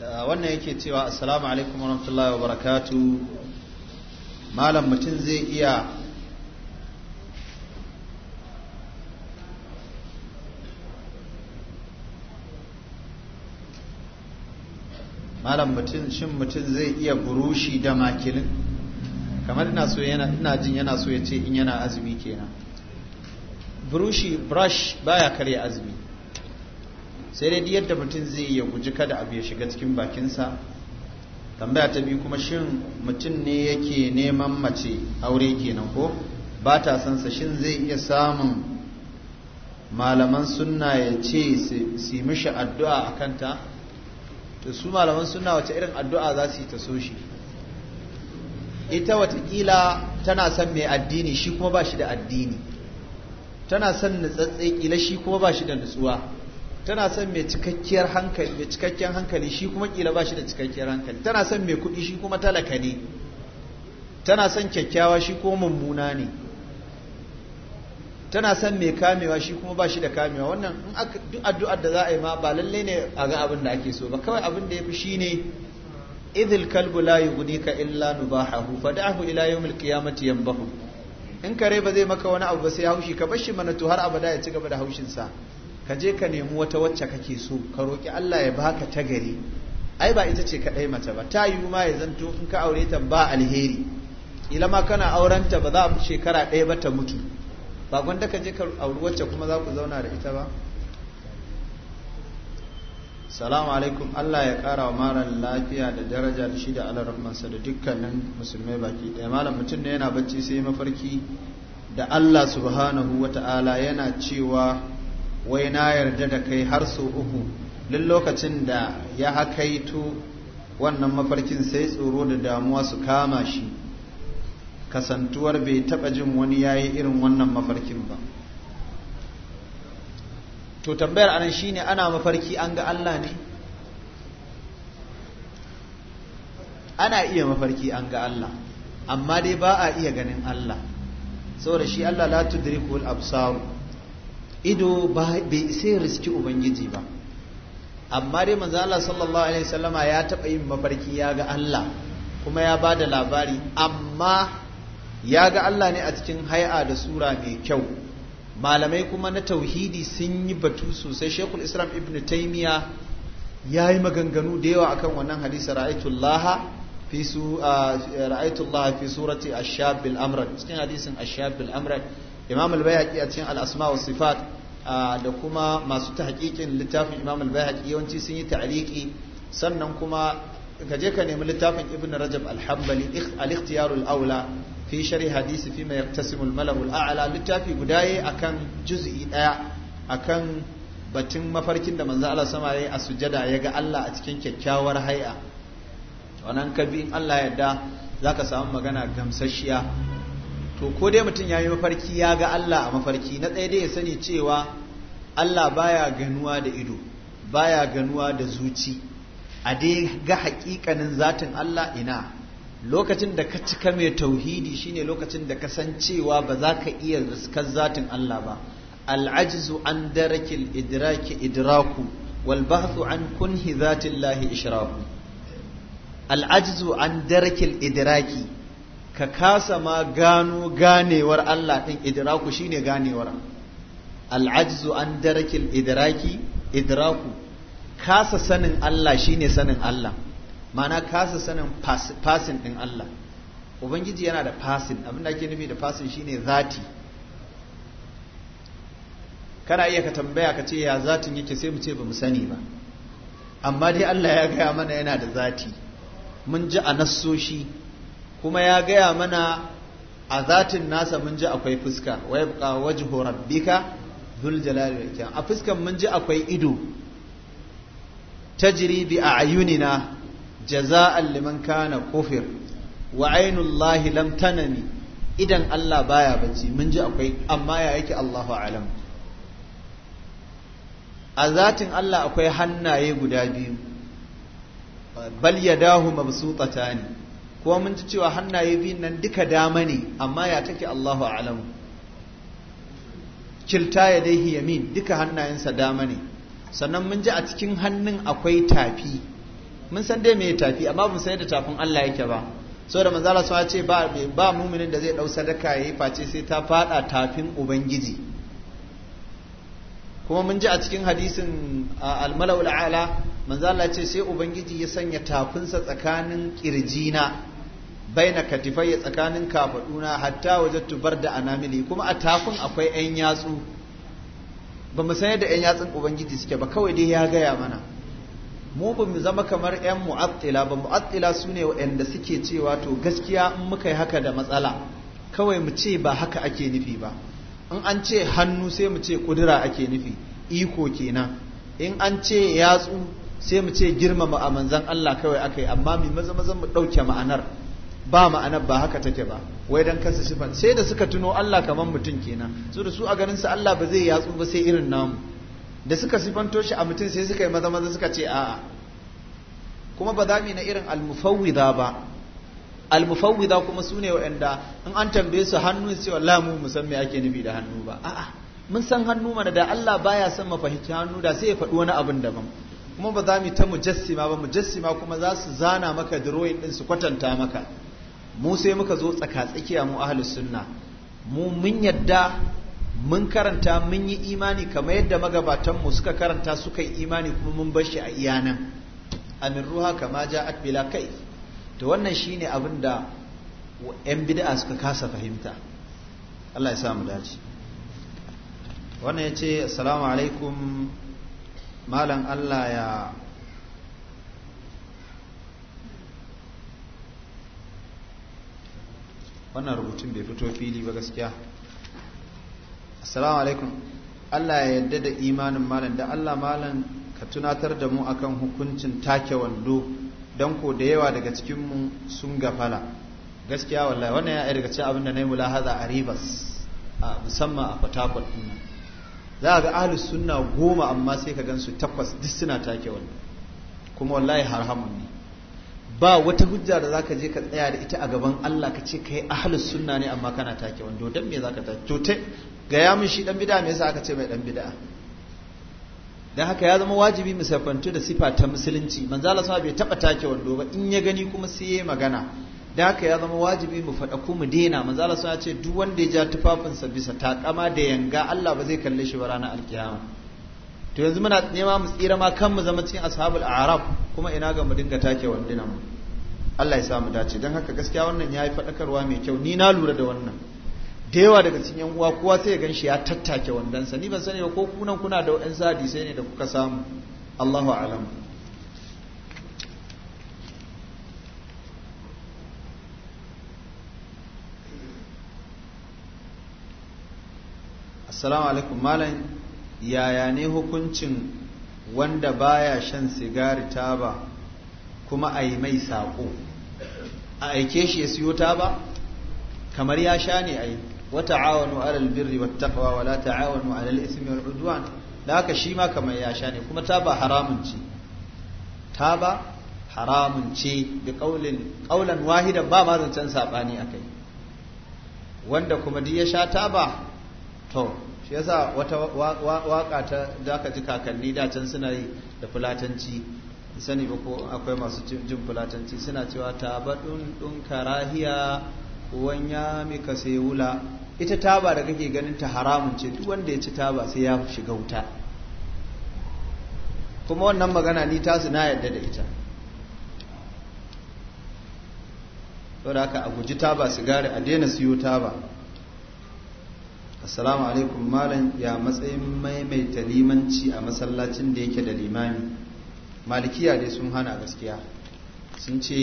Uh, wannan yake cewa assalamu alaikum warahmatullahi wabarakatu malam mutum zai iya malam mutum shin mutum zai iya burushi da makilin kamar ina so yana ina jin yana so ya ce in yana azumi kenan burushi brush baya karya azumi sai dai yadda mutum zai ya guji kada abu ya shiga cikin bakinsa tambaya ta biyu kuma shin mutum ne yake neman mace aure kenan ko ba ta son sa shin zai iya samun malaman sunna ya ce su mishi addu'a a kanta to su malaman sunna wace irin addu'a za su yi ta so shi ita watakila tana son mai addini shi kuma ba shi da addini tana son nutsatse kila shi kuma ba shi da nutsuwa tana son mai cikakkiyar hankali mai cikakken hankali shi kuma kila ba shi da cikakkiyar hankali tana son mai kuɗi shi kuma talaka ne tana son kyakkyawa shi kuma mummuna ne tana son mai kamewa shi kuma ba shi da kamewa wannan in duk addu'ar da za a yi ma ba lalle ne a ga abin da ake so ba kawai abin da ya fi shi ne idil kalbu la yughnika illa nubahahu fad'ahu ila yawmil qiyamati yanbahu in kare ba zai maka wani abu ba sai haushi ka bar shi mana to har abada ya ci gaba da haushin sa ka je ka nemi wata wacce kake so ka roƙi Allah ya baka ta gari ai ba ita ce kaɗai mace ba ta yiwu ma ya zanto in ka aure ta ba alheri ila ma kana aurenta ba za a shekara ɗaya ba ta mutu ba gwanda ka je ka auri wacce kuma za ku zauna da ita ba salamu alaikum Allah ya kara wa mara lafiya da daraja da shi da alarmansa da dukkanin musulmai baki ɗaya malam mutum ne yana bacci sai mafarki da Allah subhanahu wa ta'ala yana cewa wai na yarda da kai har su uku duk lokacin da ya hakaitu wannan mafarkin sai tsoro da damuwa su kama shi kasantuwar bai taɓa jin wani ya yi irin wannan mafarkin ba to tambayar anan shine ana mafarki an ga Allah ne ana iya mafarki an ga Allah amma dai ba a iya ganin Allah saboda shi Allah la tudrikul absar ido bai isa ya riski ubangiji ba amma dai Manzala Allah sallallahu alaihi wasallama ya taɓa yin mafarki ya ga Allah kuma ya ba da labari amma ya ga Allah ne a cikin hai'a da sura mai kyau malamai kuma na tauhidi sun yi batu sosai shekul islam ibn taimiya ya yi maganganu da yawa akan wannan hadisa ra'aitullah fi su ra'aitullah fi surati cikin hadisin ashab bil imam al-bayhaqi a cikin al-asma wa sifat da kuma masu tahqiqin littafin imam al-bayhaqi yawanci sun yi ta'liqi sannan kuma ka je ka nemi littafin ibn rajab al-hanbali al-ikhtiyar al-awla fi sharh hadith fi ma yaqtasimu al al-a'la littafi gudaye akan juz'i daya akan batun mafarkin da manzo Allah sama yayi a sujada ya ga Allah a cikin kyakkyawar hay'a wannan kabi in Allah ya yarda zaka samu magana gamsashiya to ko dai mutum ya yi mafarki ya ga Allah a mafarki na tsaye dai ya sani cewa Allah baya ganuwa da ido baya ganuwa da zuci a dai ga hakikanin zatin Allah ina lokacin da ka cika mai tauhidi shine lokacin da ka san cewa ba za ka iya riskar zatin Allah ba al'ajizu an darakil idraki idraku wal bahthu an kunhi zatin, zatillahi ishraku al'ajizu an darakil idraki ka kasa ma gano ganewar Allah ɗin idraku shine ganewar al'ajizu an darakil idraki idraku kasa sanin Allah shine sanin Allah mana kasa sanin fasin ɗin Allah ubangiji yana da fasin abin da ake nufi da fasin shine zati kana iya ka tambaya ka ce ya zatin yake sai mu ce ba mu sani ba amma dai Allah ya gaya mana yana da zati mun ji a nassoshi kuma ya gaya mana a zatin nasa mun ji akwai fuska wa yabqa wajhu rabbika dhul jalali a fuskan mun ji akwai ido tajri bi ayyunina jaza'an liman kana kufir wa ainullahi lam tanami idan Allah baya bacci mun ji akwai amma ya yake Allahu alam a zatin Allah akwai hannaye guda biyu bal yadahu mabsutatani kuma mun ji cewa hannaye biyun nan duka dama ne amma ya take Allahu a'lamu kilta ya dai yamin duka hannayensa dama ne sannan mun ji a cikin hannun akwai tafi mun san dai me tafi amma mun san da tafin Allah yake ba saboda manzo Allah ya ce ba ba muminin da zai dau sadaka yayi face sai ta fada tafin ubangiji kuma mun ji a cikin hadisin al-mala'ul a'la manzo Allah ce sai ubangiji ya sanya tafinsa tsakanin kirjina baina katifai tsakanin kafaduna hatta wajattu barda anamili kuma a takun akwai ƴan yatsu ba mu san yadda yan yatsun ubangiji suke ba kawai dai ya gaya mana mu ba mu zama kamar yan mu'attila ba mu'attila su ne waɗanda suke cewa to gaskiya in muka yi haka da matsala kawai mu ce ba haka ake nufi ba in an ce hannu sai mu ce kudura ake nufi iko kenan in an ce yatsu sai mu ce girmama a manzan Allah kawai aka amma mu maza maza mu ɗauke ma'anar ba ma'anar ba haka take ba wai dan kansa sifan sai da suka tuno Allah kamar mutum kenan su da su a ganin su Allah ba zai yatsu ba sai irin namu da suka sifanto shi a mutum sai suka yi maza maza suka ce a'a kuma ba za mu na irin almufawwida ba almufawwida kuma su ne wa'anda in an tambaye su hannu ce wallahi mu musan me ake nufi da hannu ba a'a mun san hannu mana da Allah baya son mu fahimci hannu da sai ya faɗi wani abin daban kuma ba za mu ta mujassima ba mujassima kuma za su zana maka drawing din su kwatanta maka mu sai muka zo tsaka tsakiya mu ahlus sunna mu mun yadda mun karanta mun yi imani kamar yadda magabatanmu suka karanta suka yi imani kuma mun bar shi a iyanan amin ruha kama ja'at bila kai to wannan shine abin da yan bid'a suka kasa fahimta Allah ya sa mu dace wannan yace assalamu alaikum malam Allah ya wannan rubutun bai fito fili ba gaskiya assalamu alaikum Allah ya yarda da imanin malam da Allah malam ka tunatar da mu akan hukuncin take wando don ko da yawa daga cikin mu sun gafala gaskiya wallahi wannan ya daga cikin abin da nayi mulahaza a Rivers a musamman a Port za ga ahli sunna goma amma sai ka gansu takwas duk suna take wando kuma wallahi harhamun ne ba wata hujja da zaka je ka tsaya da ita a gaban Allah ka ce kai ahlus sunna ne amma kana take wando dan me zaka ta to te ga ya mun shi dan bid'a me yasa aka ce mai dan bid'a dan haka ya zama wajibi mu safantu da sifa ta musulunci manzo Allah sa bai taba take wando ba in ya gani kuma sai yayi magana dan haka ya zama wajibi mu faɗa ko mu dena manzo Allah sa ya ce duk wanda ya ja tufafinsa bisa takama da yanga Allah ba zai kalle shi ba ranar alkiyama to yanzu muna nema mu tsira ma kanmu zama cikin ashabul a'raf kuma ina ga mu dinga take wanduna mu Allah ya sa mu dace dan haka gaskiya wannan yayi fadakarwa mai kyau ni na lura da wannan da yawa daga cikin yan uwa kowa sai ya ganshi ya tattake wandansa ni ban sani ba ko kunan kuna da wa'in sadi sai ne da kuka samu Allahu a'lam Assalamu alaikum malam yaya ne hukuncin wanda baya shan sigari taba kuma a yi mai saƙo a aike shi ya siyo taba kamar ya sha ne a yi wata awon alal birri wa taqwa wa la awon alal ismi wal udwan da haka shi ma kamar ya sha ne kuma taba haramun ce taba haramun ce da ƙaulin ƙaulan wahidan ba ma zancen saɓani a kai wanda kuma duk ya sha taba to shi yasa wata waka ta da aka ji kakanni da can suna yi da fulatanci sani ba ko akwai masu jin fulatanci suna cewa tabadun dun karahiya wan ya mika sai wula ita taba da kake ganin ta haramun ce duk wanda ya ci taba sai ya shiga wuta kuma wannan magana ni ta suna yadda da ita saboda haka a guji taba sigari a daina siyo taba assalamu alaikum malam ya matsayin maimaita limanci a masallacin da yake da limami malikiya dai sun hana gaskiya sun ce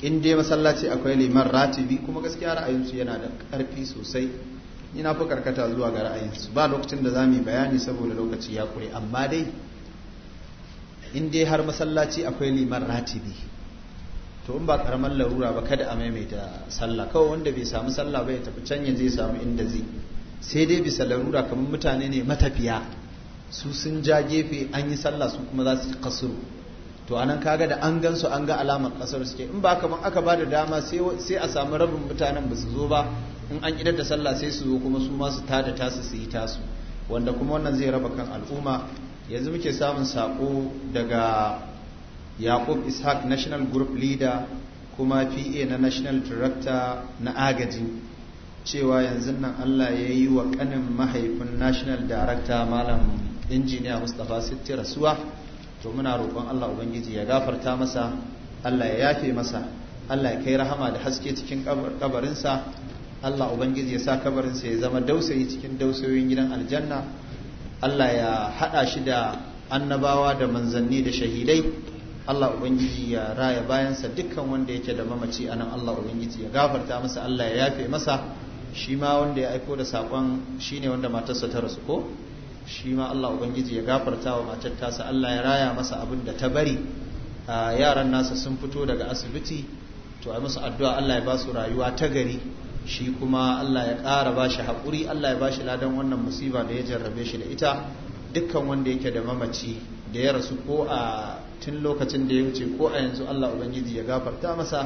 in dai masallaci akwai liman ratibi kuma gaskiya ra'ayinsu yana da ƙarfi sosai ina fi karkata zuwa ga ra'ayinsu ba lokacin da za mu yi bayani saboda lokaci ya kure amma dai in dai har masallaci akwai liman ratibi to in ba karamar larura ba kada a maimaita sallah kawai wanda bai samu sallah ba ya tafi can ya je samu inda zai sai dai bisa larura kamar mutane ne matafiya su sun ja gefe an yi sallah su kuma za su kasuru to anan kaga da an gansu an ga alamar kasar suke in ba kaman aka ba da dama sai a samu rabin mutanen ba su zo ba in an idar da sallah sai su zo kuma su ma su tada tasu su yi tasu wanda kuma wannan zai raba kan al'umma yanzu muke samun sako daga yaqub ishaq national group leader kuma pa na national director na agaji cewa yanzu nan Allah ya yi wa kanin mahaifin national director malam injiniya mustapha sitti rasuwa to muna roƙon Allah ubangiji ya gafarta masa Allah ya yafe masa Allah ya kai rahama da haske cikin kabarinsa Allah ubangiji ya sa kabarinsa ya zama dausayi cikin dausayoyin gidan aljanna Allah ya haɗa shi da annabawa da manzanni da shahidai Allah Ubangiji ya raya bayansa dukkan wanda yake da mamaci anan Allah Ubangiji ya gafarta masa Allah ya yafe masa shi ma wanda ya aiko da sakon ne wanda matarsa ta rasu ko shi ma Allah ubangiji ya gafarta wa matar tasa Allah ya raya masa abin da ta bari yaran nasa sun fito daga asibiti to a musu addu'a Allah ya ba su rayuwa ta gari shi kuma Allah ya ƙara ba shi haƙuri Allah ya ba shi ladan wannan musiba da ya jarrabe shi da ita dukkan wanda yake da mamaci da ya rasu ko a tun lokacin da ya wuce ko a yanzu Allah Ubangiji ya gafarta masa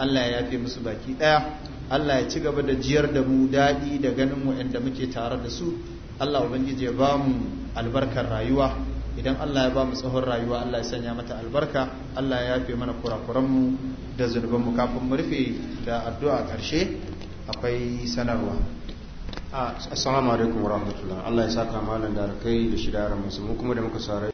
Allah ya yafe musu baki ɗaya Allah ya ci gaba da jiyar da mu daɗi da ganin mu inda muke tare da su Allah ubangiji ya ba mu albarkar rayuwa idan Allah ya ba mu tsohon rayuwa Allah ya sanya mata albarka Allah ya yafe mana kurakuranmu da zunubanmu kafin mu rufe da addu'a karshe akwai sanarwa assalamu alaikum warahmatullahi Allah ya saka malam da kai da shi da mu kuma da muka sare